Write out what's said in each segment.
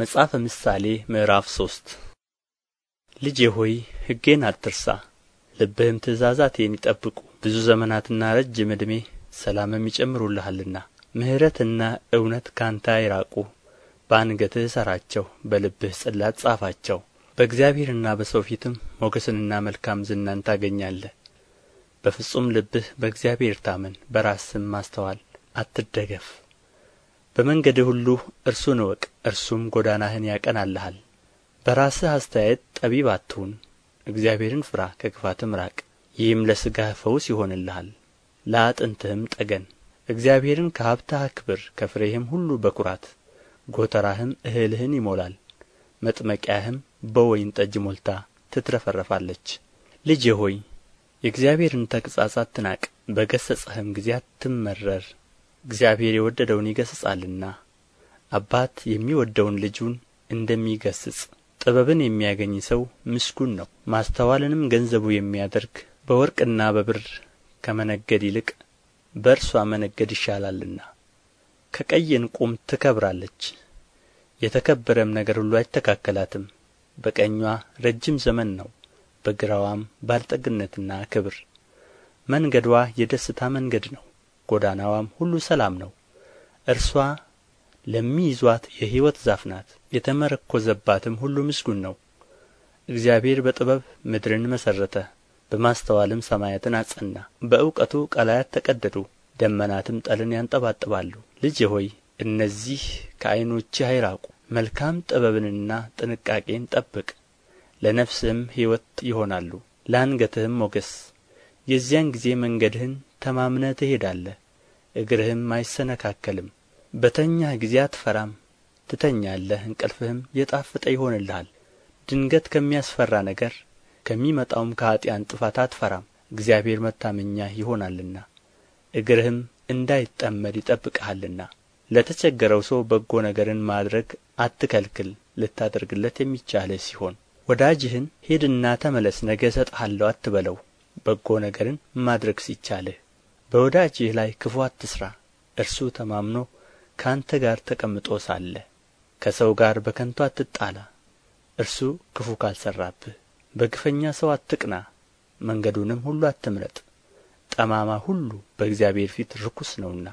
መጽሐፈ ምሳሌ ምዕራፍ ሶስት ልጄ ሆይ ሕጌን አትርሳ፣ ልብህም ትእዛዛቴን ይጠብቁ። ብዙ ዘመናትና ረጅም ዕድሜ ሰላምም ይጨምሩልሃልና። ምሕረትና እውነት ካንተ አይራቁ፣ በአንገትህ እሰራቸው፣ በልብህ ጽላት ጻፋቸው። በእግዚአብሔርና በሰው ፊትም ሞገስንና መልካም ዝናን ታገኛለህ። በፍጹም ልብህ በእግዚአብሔር ታመን፣ በራስህም ማስተዋል አትደገፍ። በመንገድህ ሁሉ እርሱን እወቅ እርሱም ጎዳናህን ያቀናልሃል በራስህ አስተያየት ጠቢብ አትሁን እግዚአብሔርን ፍራ ከክፋትም ራቅ ይህም ለሥጋህ ፈውስ ይሆንልሃል ለአጥንትህም ጠገን እግዚአብሔርን ከሀብትህ አክብር ከፍሬህም ሁሉ በኩራት ጐተራህም እህልህን ይሞላል መጥመቂያህም በወይን ጠጅ ሞልታ ትትረፈረፋለች ልጄ ሆይ የእግዚአብሔርን ተግሣጽ አትናቅ በገሠጸህም ጊዜ አትመረር እግዚአብሔር የወደደውን ይገሥጻልና አባት የሚወደውን ልጁን እንደሚገሥጽ ጥበብን የሚያገኝ ሰው ምስጉን ነው ማስተዋልንም ገንዘቡ የሚያደርግ በወርቅና በብር ከመነገድ ይልቅ በእርሷ መነገድ ይሻላልና ከቀይ ዕንቁም ትከብራለች የተከበረም ነገር ሁሉ አይተካከላትም በቀኟ ረጅም ዘመን ነው በግራዋም ባለጠግነትና ክብር መንገዷ የደስታ መንገድ ነው ጎዳናዋም ሁሉ ሰላም ነው እርሷ ለሚይዟት የሕይወት ዛፍ ናት የተመረኰዘባትም ሁሉ ምስጉን ነው እግዚአብሔር በጥበብ ምድርን መሠረተ በማስተዋልም ሰማያትን አጸና በእውቀቱ ቀላያት ተቀደዱ ደመናትም ጠልን ያንጠባጥባሉ ልጄ ሆይ እነዚህ ከዓይኖችህ አይራቁ መልካም ጥበብንና ጥንቃቄን ጠብቅ ለነፍስህም ሕይወት ይሆናሉ ለአንገትህም ሞገስ የዚያን ጊዜ መንገድህን ተማምነህ ትሄዳለህ እግርህም አይሰነካከልም በተኛህ ጊዜ አትፈራም ትተኛለህ እንቅልፍህም የጣፈጠ ይሆንልሃል ድንገት ከሚያስፈራ ነገር ከሚመጣውም ከኀጢአን ጥፋት አትፈራም እግዚአብሔር መታመኛህ ይሆናልና እግርህም እንዳይጠመድ ይጠብቅሃልና ለተቸገረው ሰው በጎ ነገርን ማድረግ አትከልክል ልታደርግለት የሚቻልህ ሲሆን ወዳጅህን ሄድና ተመለስ ነገ እሰጥሃለሁ አትበለው በጎ ነገርን ማድረግ ሲቻልህ በወዳጅህ ላይ ክፉ አትሥራ እርሱ ተማምኖ ከአንተ ጋር ተቀምጦ ሳለ ከሰው ጋር በከንቱ አትጣላ እርሱ ክፉ ካልሠራብህ በግፈኛ ሰው አትቅና መንገዱንም ሁሉ አትምረጥ ጠማማ ሁሉ በእግዚአብሔር ፊት ርኩስ ነውና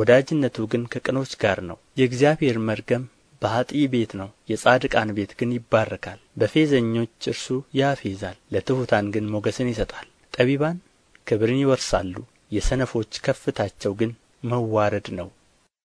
ወዳጅነቱ ግን ከቅኖች ጋር ነው የእግዚአብሔር መርገም በኀጢ ቤት ነው የጻድቃን ቤት ግን ይባረካል በፌዘኞች እርሱ ያፌዛል ለትሑታን ግን ሞገስን ይሰጣል ጠቢባን ክብርን ይወርሳሉ የሰነፎች ከፍታቸው ግን መዋረድ ነው